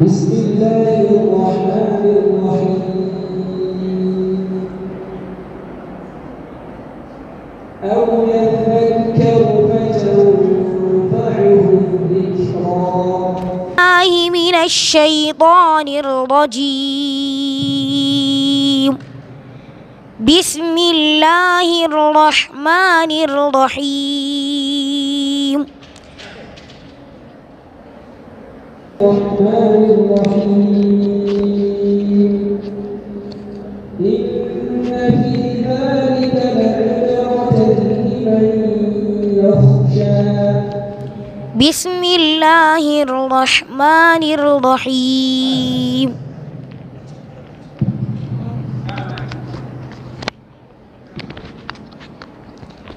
بسم الله الرحمن الرحيم أو يذكر فتنفعه الذكرى من الشيطان الرجيم بسم الله الرحمن الرحيم الرحمن بسم الله الرحمن الرحيم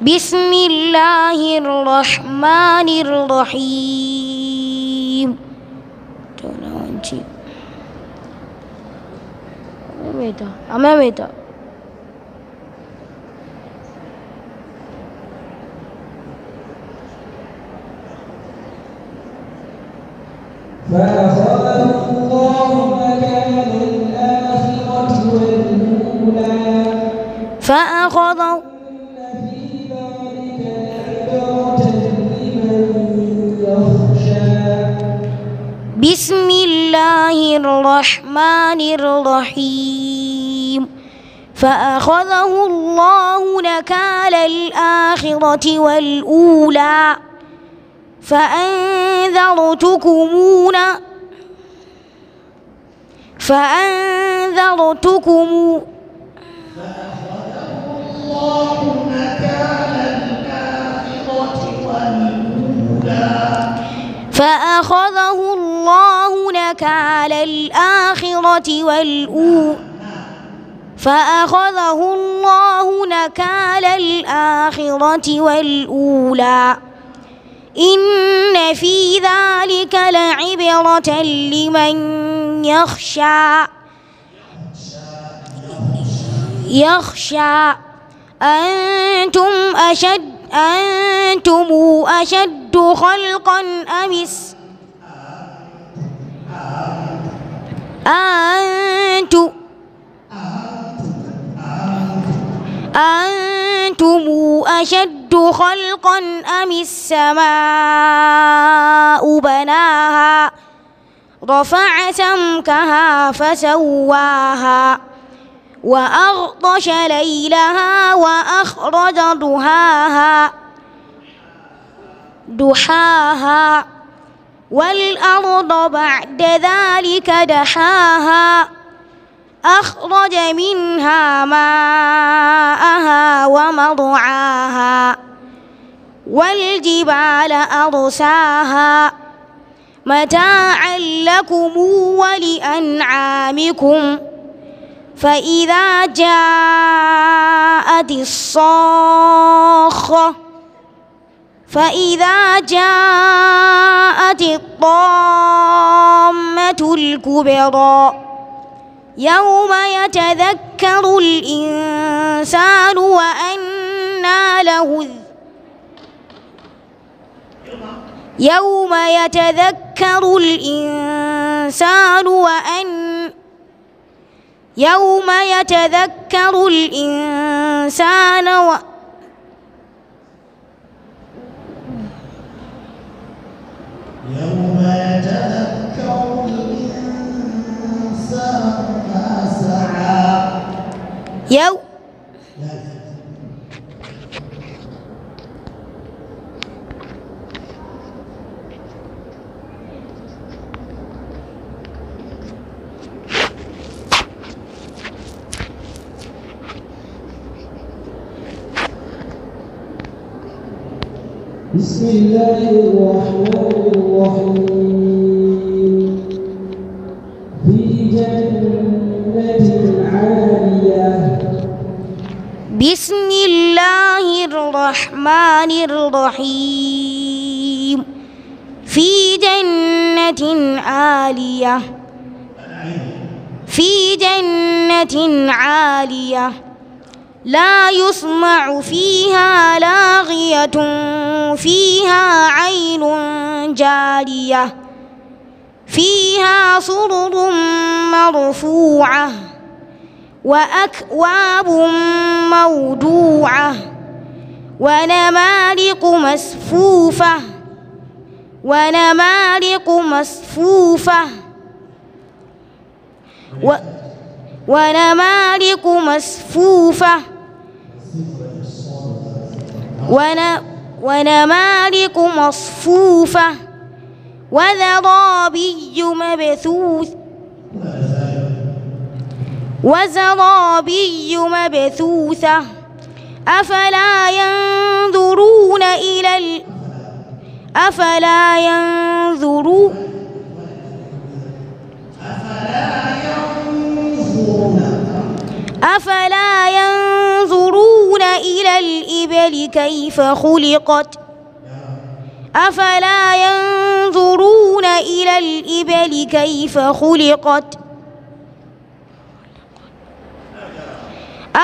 بسم الله الرحمن الرحيم تونا أمامي ده أمامي ده فأصابه الله الآخرة والأولى فأخذ بسم الله الرحمن الرحيم فأخذه الله نكال الآخرة والأولى فأنذرتكم فأنذرتكم فأخذه الله نكال الآخرة والأولى فأخذه الله نكال الآخرة والأولى فأخذه الله نكال الآخرة والأولى إن في ذلك لعبرة لمن يخشى يخشى أنتم أشد أنتم أشد خلقا أم أنتم أنتم أشد أشد خلقا أم السماء بناها رفع سمكها فسواها وأغطش ليلها وأخرج ضحاها دحاها والأرض بعد ذلك دحاها أخرج منها ماءها ومرعاها والجبال أرساها متاعا لكم ولأنعامكم فإذا جاءت الصاخة فإذا جاءت الطامة الكبرى يوم يتذكر الإنسان وأنى له الذكر يوم يتذكر الإنسان وأن يوم يتذكر الإنسان و يوم يتذكر الإنسان ما سعى يوم بسم الله الرحمن الرحيم في جنة عالية بسم الله الرحمن الرحيم في جنة عالية في جنة عالية لا يسمع فيها لاغية فيها عين جارية فيها سرر مرفوعة وأكواب موضوعة ونمارق مصفوفة ونمارق مصفوفة و ونمارق مصفوفة ونمالك مصفوفة وزرابي مبثوث وزرابي مبثوثة أفلا ينظرون إلى ال... أفلا ينظرون أفلا ينظرون أفلا ينظرون إلى الإبل كيف خلقت أفلا ينظرون إلى الإبل كيف خلقت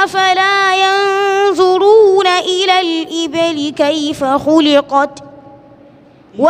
أفلا ينظرون إلى الإبل كيف خلقت و...